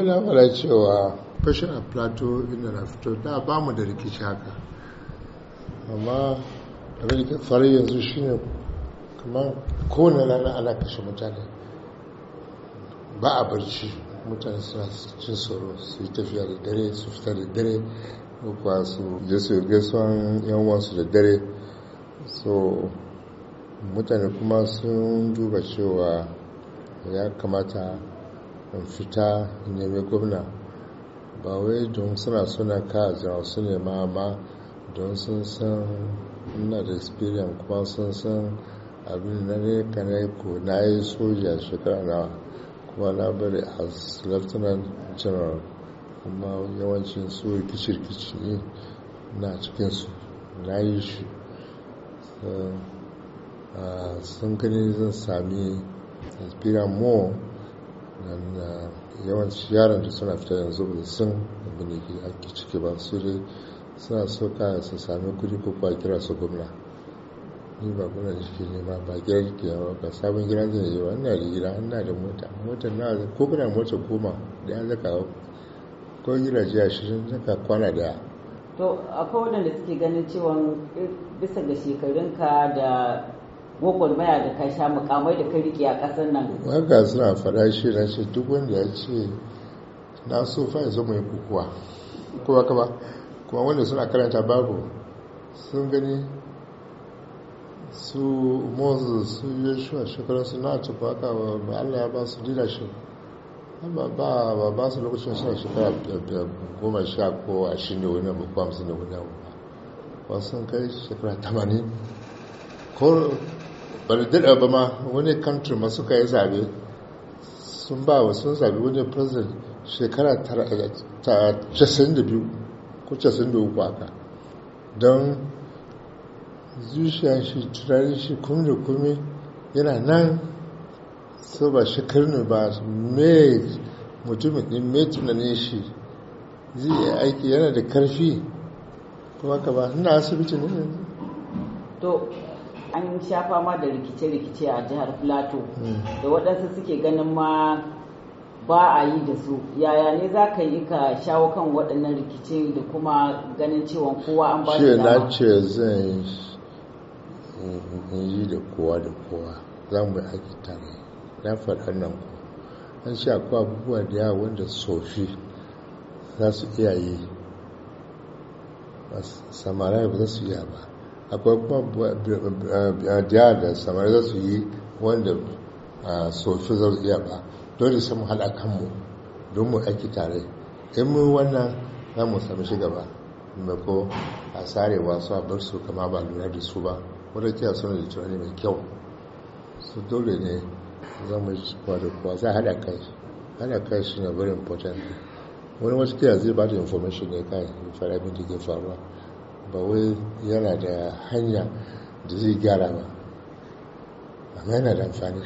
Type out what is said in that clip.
Ina fara cewa fashin a plateau inda na fito da ba mu da rikici haka. Amma abin da yanzu shine kuma kowane rana ana kashe mutane ba a barci mutane suna cin tsoro su yi tafiya da dare su fita da dare kuwa su je su gaisuwan yan wasu da dare so mutane kuma sun duba cewa ya kamata in fita nemi gwamna ba wai don suna suna ka jama'a su ne ma amma don sun san ina da experience kuma sun san abin na ne ka na ko na yi soja shekara na kuma na bari as lieutenant general kuma yawancin su rikici-rikici ne na cikinsu na yi shi ah, sun gani zan sami experience more yawanci yaran da suna fita yanzu bai sun ne ke ake ciki ba su dai suna so kaya su sami kuɗi ko kwa kira su gwamna ni ba kuna da ne ma ba gidan ke ba ba sabon gidan zai yi ba ina da gida ina da mota mota na ko kuna mota goma da ya zaka ko gidaje ashirin zaka kwana daya to akwai wadanda suke ganin cewa eh, bisa ga shekarunka da gwagwarmaya da ka sha mukamai da ka riƙe a ƙasar nan wanda suna farashi, shi na shi duk wanda ya ce na so fa ya zama kukuwa kuma kama kuma wanda suna karanta babu sun gani su moses su yeshua shekarun su na tuku haka wa allah ya ba su leadership ba ba ba su lokacin suna shekara goma sha ko ashirin da wani abu ko hamsin da wani abu ba wasu kai shekara tamanin ko bari da ba ma wani kantin ma suka yi zabe sun ba wa sun zabe wani president shekara ta 92 ko 93 aka don zuciya shi tunanin shi kome da kome yana nan so ba shekar ne ba mai mutumin ɗin mai tunanin shi zai yi aiki yana da karfi kuma ka ba ina asibiti ne to an sha fama da rikice-rikice a jihar plato hmm. da waɗansu suke ganin ma ba a yi da su yaya ne za ka yi ka shawo kan waɗannan rikice da kuma ganin cewa kowa an ba shi na ce zan yi da kowa da kowa za mu aiki tare na faɗa nan ku an sha akwai abubuwa da yawa wanda sofi za su iya yi samarai ba za su iya ba akwai kuma biya eh, eh, da samar za su yi wanda eh, sofi za su iya ba dole sai mu haɗa kanmu don mu aiki tare in mu wannan za mu sami shi gaba ko a sarewa su a bar su kama ba lura da su ba wadda kiyar suna da tunani mai kyau su dole ne za mu yi kwado da kowa za a haɗa kai haɗa kai shi ne very important wani wasu kiyar zai ba da information ne kai fara abin da ke faruwa ba wai yana da hanya da zai gyara ba amma yana da amfani